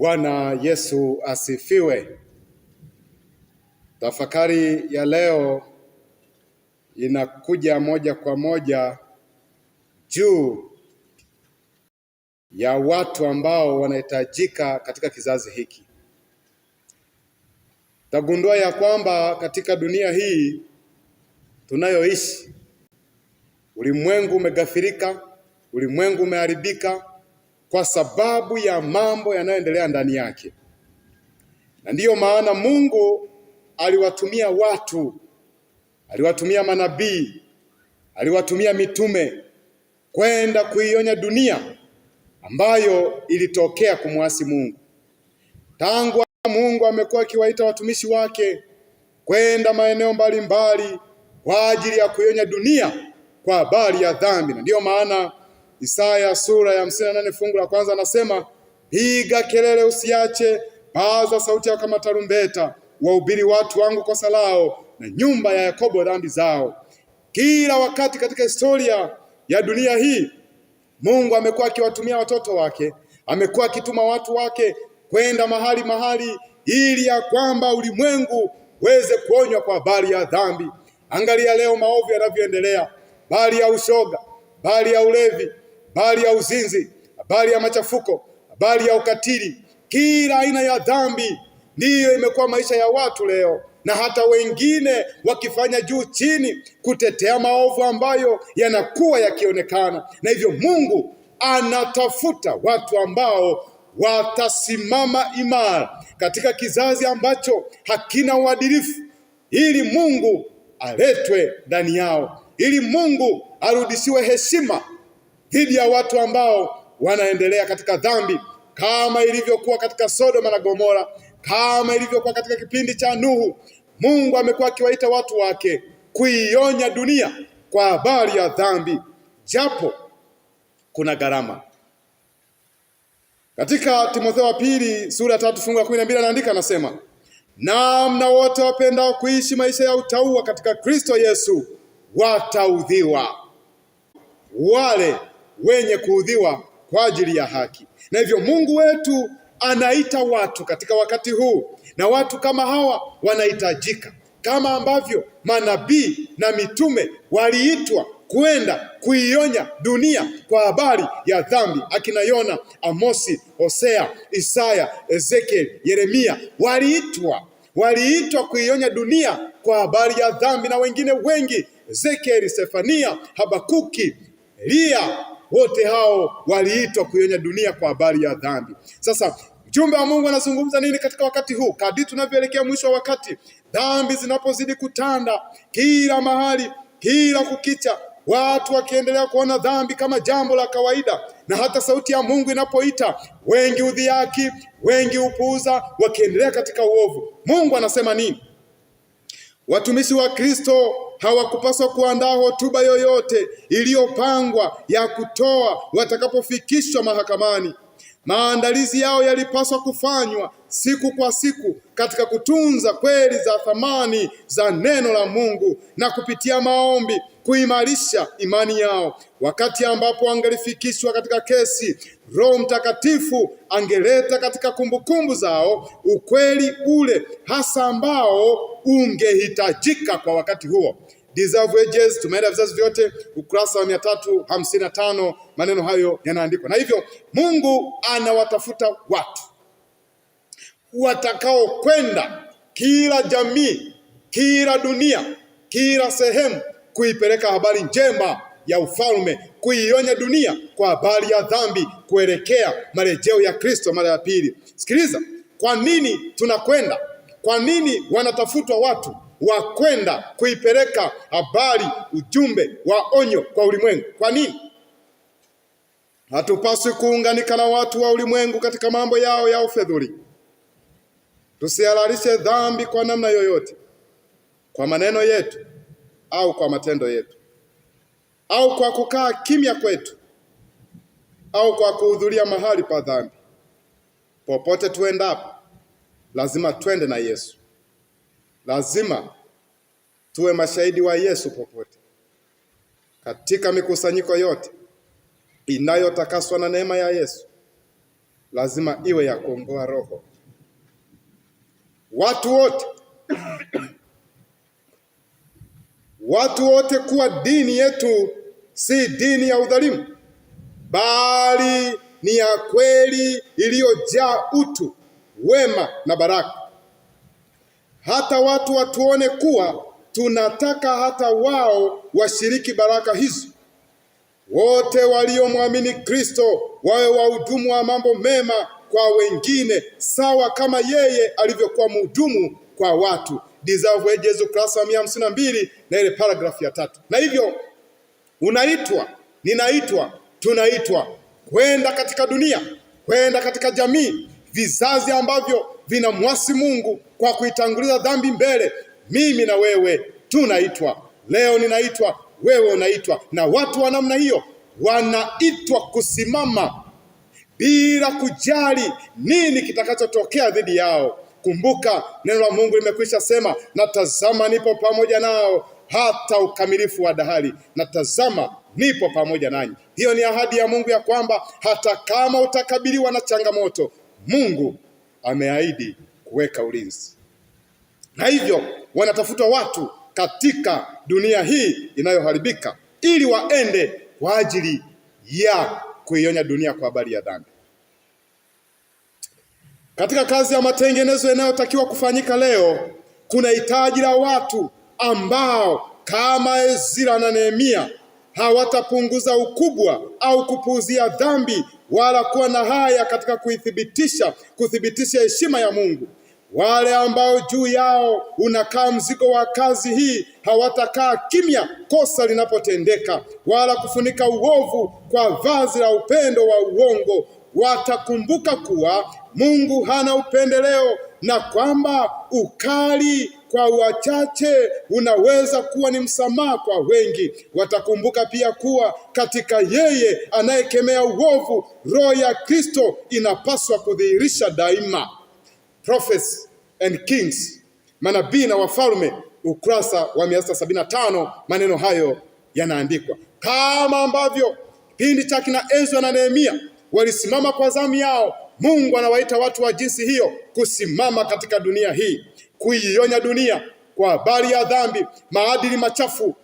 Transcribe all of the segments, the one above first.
Bwana Yesu asifiwe. Tafakari ya leo inakuja moja kwa moja juu ya watu ambao wanahitajika katika kizazi hiki. Tagundua ya kwamba katika dunia hii tunayoishi, ulimwengu umeghafirika, ulimwengu umeharibika, kwa sababu ya mambo yanayoendelea ndani yake, na ndiyo maana Mungu aliwatumia watu, aliwatumia manabii, aliwatumia mitume kwenda kuionya dunia ambayo ilitokea kumwasi Mungu. Tangu Mungu amekuwa akiwaita watumishi wake kwenda maeneo mbalimbali kwa ajili ya kuionya dunia kwa habari ya dhambi, na ndiyo maana Isaya sura ya hamsini na nane fungu la kwanza anasema, piga kelele usiache, paza sauti yako kama tarumbeta, wahubiri watu wangu kosa lao na nyumba ya Yakobo dhambi zao. Kila wakati katika historia ya dunia hii Mungu amekuwa akiwatumia watoto wake, amekuwa akituma watu wake kwenda mahali mahali, ili ya kwamba ulimwengu weze kuonywa kwa habari ya dhambi. Angalia leo maovu yanavyoendelea, bali ya ushoga, bali ya ulevi habari ya uzinzi, habari ya machafuko, habari ya ukatili, kila aina ya dhambi ndiyo imekuwa maisha ya watu leo, na hata wengine wakifanya juu chini kutetea maovu ambayo yanakuwa yakionekana. Na hivyo Mungu anatafuta watu ambao watasimama imara katika kizazi ambacho hakina uadilifu, ili Mungu aletwe ndani yao, ili Mungu arudishiwe heshima dhidi ya watu ambao wanaendelea katika dhambi kama ilivyokuwa katika Sodoma na Gomora, kama ilivyokuwa katika kipindi cha Nuhu. Mungu amekuwa akiwaita watu wake kuionya dunia kwa habari ya dhambi, japo kuna gharama. Katika Timotheo wa pili sura tatu fungu la kumi na mbili anaandika anasema, naam, na wote wapendao kuishi maisha ya utauwa katika Kristo Yesu wataudhiwa. Wale wenye kuudhiwa kwa ajili ya haki. Na hivyo Mungu wetu anaita watu katika wakati huu, na watu kama hawa wanahitajika, kama ambavyo manabii na mitume waliitwa kwenda kuionya dunia kwa habari ya dhambi. Akina Yona, Amosi, Hosea, Isaya, Ezekieli, Yeremia waliitwa waliitwa kuionya dunia kwa habari ya dhambi, na wengine wengi Ezekieli, Sefania, Habakuki, Elia wote hao waliitwa kuionya dunia kwa habari ya dhambi. Sasa mjumbe wa Mungu anazungumza nini katika wakati huu? Kadri tunavyoelekea mwisho wa wakati, dhambi zinapozidi kutanda kila mahali, kila kukicha, watu wakiendelea kuona dhambi kama jambo la kawaida, na hata sauti ya Mungu inapoita, wengi hudhihaki, wengi hupuuza, wakiendelea katika uovu. Mungu anasema nini? Watumishi wa Kristo hawakupaswa kuandaa hotuba yoyote iliyopangwa ya kutoa watakapofikishwa mahakamani. Maandalizi yao yalipaswa kufanywa siku kwa siku katika kutunza kweli za thamani za neno la Mungu na kupitia maombi kuimarisha imani yao. Wakati ambapo wangalifikishwa katika kesi, Roho Mtakatifu angeleta katika kumbukumbu zao ukweli ule hasa ambao ungehitajika kwa wakati huo. Deserved tumeenda vizazi vyote, ukurasa wa mia tatu hamsini na tano maneno hayo yanaandikwa. Na hivyo Mungu anawatafuta watu watakaokwenda kila jamii, kila dunia, kila sehemu kuipeleka habari njema ya ufalme, kuionya dunia kwa habari ya dhambi, kuelekea marejeo ya Kristo mara ya pili. Sikiliza, kwa nini tunakwenda? Kwa nini wanatafutwa watu wa kwenda kuipeleka habari, ujumbe wa onyo kwa ulimwengu? Kwa nini? Hatupaswi kuunganika na watu wa ulimwengu katika mambo yao ya ufedhuli. Tusihalalishe dhambi kwa namna yoyote, kwa maneno yetu au kwa matendo yetu au kwa kukaa kimya kwetu au kwa kuhudhuria mahali pa dhambi. Popote tuendapo, lazima twende na Yesu, lazima tuwe mashahidi wa Yesu popote, katika mikusanyiko yote inayotakaswa na neema ya Yesu, lazima iwe ya kuongoa roho. Watu wote watu wote, kuwa dini yetu si dini ya udhalimu, bali ni ya kweli iliyojaa utu, wema na baraka. Hata watu watuone kuwa tunataka hata wao washiriki baraka hizo. Wote waliomwamini Kristo wawe wahudumu wa mambo mema kwa wengine, sawa kama yeye alivyokuwa mhudumu kwa watu. Dizavu Yesu mia hamsini na mbili na ile paragrafu ya tatu, na hivyo Unaitwa, ninaitwa, tunaitwa kwenda katika dunia, kwenda katika jamii, vizazi ambavyo vinamwasi Mungu kwa kuitanguliza dhambi mbele. Mimi na wewe tunaitwa. Leo ninaitwa, wewe unaitwa, na watu wa namna hiyo wanaitwa kusimama bila kujali nini kitakachotokea dhidi yao. Kumbuka neno la Mungu limekwisha sema, na tazama nipo pamoja nao hata ukamilifu wa dahari, na tazama nipo pamoja nanyi. Hiyo ni ahadi ya Mungu ya kwamba hata kama utakabiliwa na changamoto, Mungu ameahidi kuweka ulinzi, na hivyo wanatafutwa watu katika dunia hii inayoharibika ili waende kwa ajili ya kuionya dunia kwa habari ya dhambi. Katika kazi ya matengenezo inayotakiwa kufanyika leo, kuna hitaji la watu ambao kama Ezra na Nehemia hawatapunguza ukubwa au kupuuzia dhambi wala kuwa na haya katika kuithibitisha kuthibitisha heshima ya Mungu. Wale ambao juu yao unakaa mzigo wa kazi hii hawatakaa kimya kosa linapotendeka, wala kufunika uovu kwa vazi la upendo wa uongo. Watakumbuka kuwa Mungu hana upendeleo na kwamba ukali kwa wachache unaweza kuwa ni msamaha kwa wengi. Watakumbuka pia kuwa katika yeye anayekemea uovu, roho ya Kristo inapaswa kudhihirisha daima. Prophets and Kings, manabii na wafalme, ukurasa wa 175 maneno hayo yanaandikwa kama ambavyo kipindi cha kina Ezra na Nehemia walisimama kwa zamu yao. Mungu anawaita watu wa jinsi hiyo kusimama katika dunia hii kuionya dunia kwa habari ya dhambi, maadili machafu,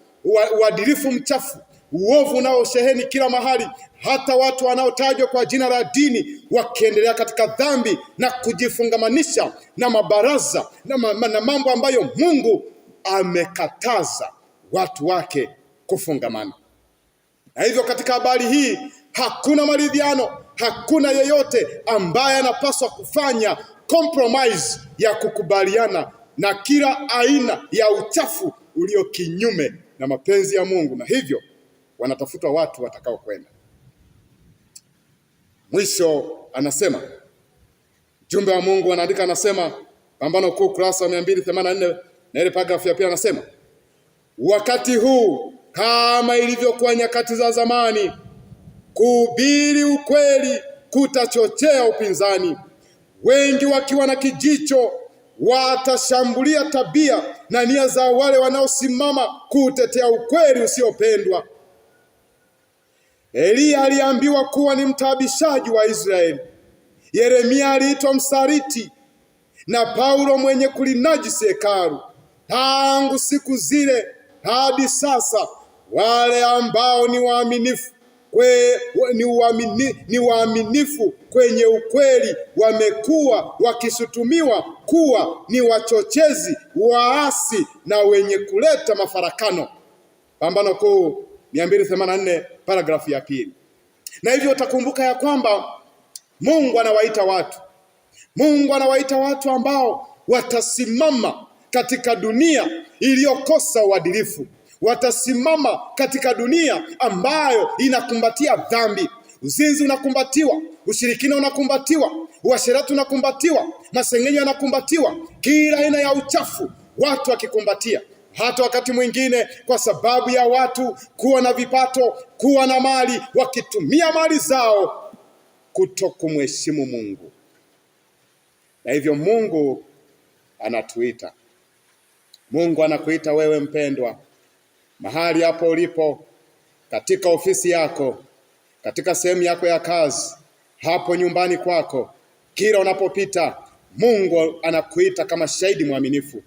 uadilifu mchafu, uovu unaosheheni kila mahali, hata watu wanaotajwa kwa jina la dini wakiendelea katika dhambi na kujifungamanisha na mabaraza na, ma, na mambo ambayo Mungu amekataza watu wake kufungamana. Na hivyo katika habari hii hakuna maridhiano, hakuna yeyote ambaye anapaswa kufanya compromise ya kukubaliana na kila aina ya uchafu ulio kinyume na mapenzi ya Mungu, na hivyo wanatafuta watu watakao kwenda. Mwisho anasema jumbe wa Mungu anaandika, anasema Pambano Kuu kurasa wa mia mbili themanini na nne na ile paragrafu ya pili anasema, wakati huu kama ilivyokuwa nyakati za zamani, kuhubiri ukweli kutachochea upinzani wengi wakiwa na kijicho watashambulia tabia na nia za wale wanaosimama kutetea ukweli usiopendwa. Eliya aliambiwa kuwa ni mtaabishaji wa Israeli. Yeremia aliitwa msaliti na Paulo mwenye kulinajisi hekalu. Tangu siku zile hadi sasa wale ambao ni waaminifu we, we, ni, uamini, ni waaminifu kwenye ukweli, wamekuwa wakishutumiwa kuwa ni wachochezi, waasi na wenye kuleta mafarakano. Pambano Kuu 284 paragrafu ya pili. Na hivyo utakumbuka ya kwamba Mungu anawaita watu, Mungu anawaita watu ambao watasimama katika dunia iliyokosa uadilifu, watasimama katika dunia ambayo inakumbatia dhambi. Uzinzi unakumbatiwa, ushirikina unakumbatiwa, uasherati unakumbatiwa, masengenyo yanakumbatiwa, kila aina ya uchafu watu wakikumbatia hata wakati mwingine kwa sababu ya watu kuwa na vipato, kuwa na mali, wakitumia mali zao kuto kumheshimu Mungu. Na hivyo Mungu anatuita, Mungu anakuita wewe mpendwa, mahali hapo ulipo, katika ofisi yako, katika sehemu yako ya kazi, hapo nyumbani kwako, kila unapopita, Mungu anakuita kama shahidi mwaminifu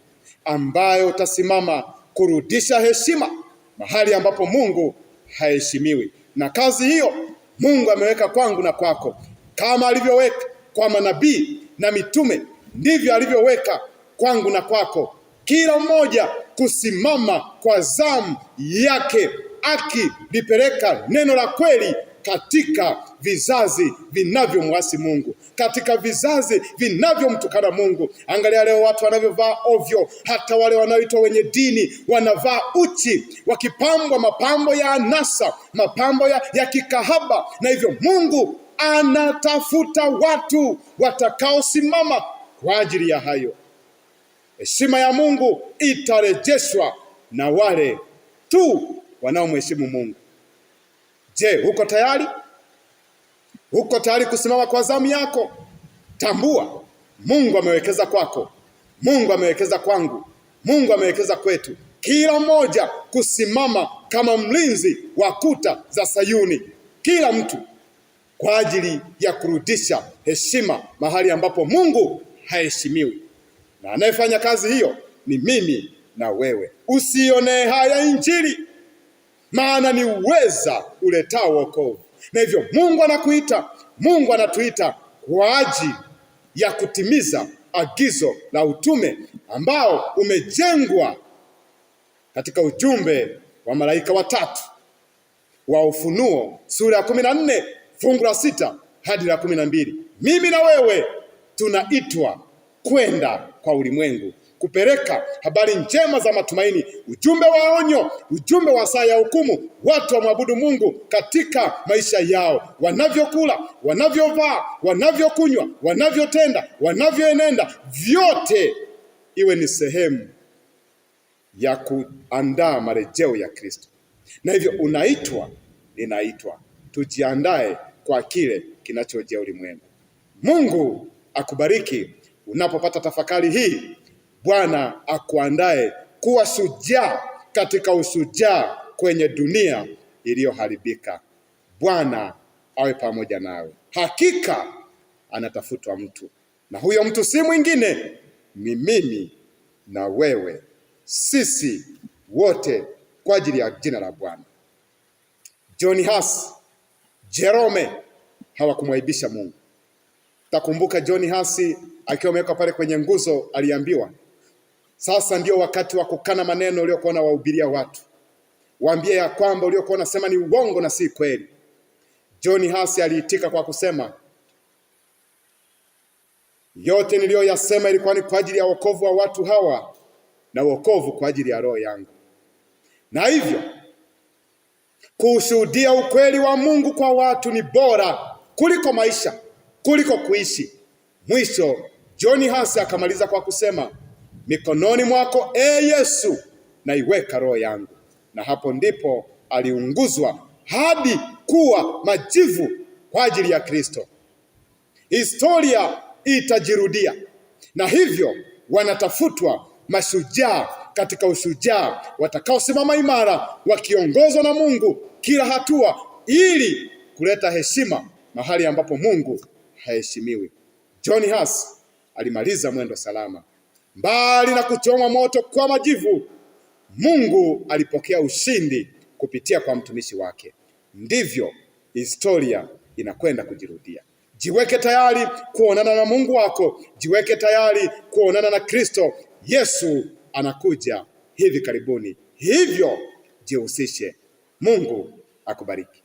ambaye utasimama kurudisha heshima mahali ambapo Mungu haheshimiwi. Na kazi hiyo Mungu ameweka kwangu na kwako, kama alivyoweka kwa manabii na mitume, ndivyo alivyoweka kwangu na kwako kila mmoja kusimama kwa zamu yake akilipeleka neno la kweli katika vizazi vinavyomwasi Mungu, katika vizazi vinavyomtukana Mungu. Angalia leo watu wanavyovaa ovyo, hata wale wanaoitwa wenye dini wanavaa uchi, wakipambwa mapambo ya anasa, mapambo ya, ya kikahaba. Na hivyo Mungu anatafuta watu watakaosimama kwa ajili ya hayo. Heshima ya Mungu itarejeshwa na wale tu wanaomheshimu Mungu. Je, uko tayari? Uko tayari kusimama kwa zamu yako? Tambua Mungu amewekeza kwako, Mungu amewekeza kwangu, Mungu amewekeza kwetu, kila mmoja kusimama kama mlinzi wa kuta za Sayuni, kila mtu kwa ajili ya kurudisha heshima mahali ambapo Mungu haheshimiwi na anayefanya kazi hiyo ni mimi na wewe. Usionee haya Injili, maana ni uweza uletao wokovu, na hivyo Mungu anakuita, Mungu anatuita kwa ajili ya kutimiza agizo la utume ambao umejengwa katika ujumbe wa malaika watatu wa Ufunuo sura ya kumi na nne fungu la sita hadi la kumi na mbili. Mimi na wewe tunaitwa kwenda kwa ulimwengu kupeleka habari njema za matumaini, ujumbe wa onyo, ujumbe wa saa ya hukumu. Watu wamwabudu Mungu katika maisha yao, wanavyokula, wanavyovaa, wanavyokunywa, wanavyotenda, wanavyoenenda, vyote iwe ni sehemu ya kuandaa marejeo ya Kristo. Na hivyo unaitwa, ninaitwa, tujiandae kwa kile kinachojia ulimwengu. Mungu akubariki. Unapopata tafakari hii, Bwana akuandae kuwa shujaa katika ushujaa kwenye dunia iliyoharibika. Bwana awe pamoja nawe. Hakika anatafutwa mtu, na huyo mtu si mwingine, ni mimi na wewe, sisi wote kwa ajili ya jina la Bwana. John Huss Jerome hawakumwaibisha Mungu. Takumbuka John Hasi akiwa amewekwa pale kwenye nguzo, aliambiwa sasa ndio wakati wa kukana maneno uliokuwa unawahubiria watu, waambie ya kwamba uliokuwa unasema ni uongo na si kweli. John Hasi aliitika kwa kusema, yote niliyoyasema ilikuwa ni kwa ajili ya wokovu wa watu hawa na wokovu kwa ajili ya roho yangu, na hivyo kushuhudia ukweli wa Mungu kwa watu ni bora kuliko maisha kuliko kuishi. Mwisho John hasi akamaliza kwa kusema, mikononi mwako e Yesu naiweka roho yangu. Na hapo ndipo aliunguzwa hadi kuwa majivu kwa ajili ya Kristo. Historia itajirudia, na hivyo wanatafutwa mashujaa katika ushujaa watakaosimama imara, wakiongozwa na Mungu kila hatua, ili kuleta heshima mahali ambapo Mungu haheshimiwi. John Huss alimaliza mwendo salama. Mbali na kuchomwa moto kwa majivu, Mungu alipokea ushindi kupitia kwa mtumishi wake. Ndivyo historia inakwenda kujirudia. Jiweke tayari kuonana na Mungu wako, jiweke tayari kuonana na Kristo. Yesu anakuja hivi karibuni, hivyo jihusishe. Mungu akubariki.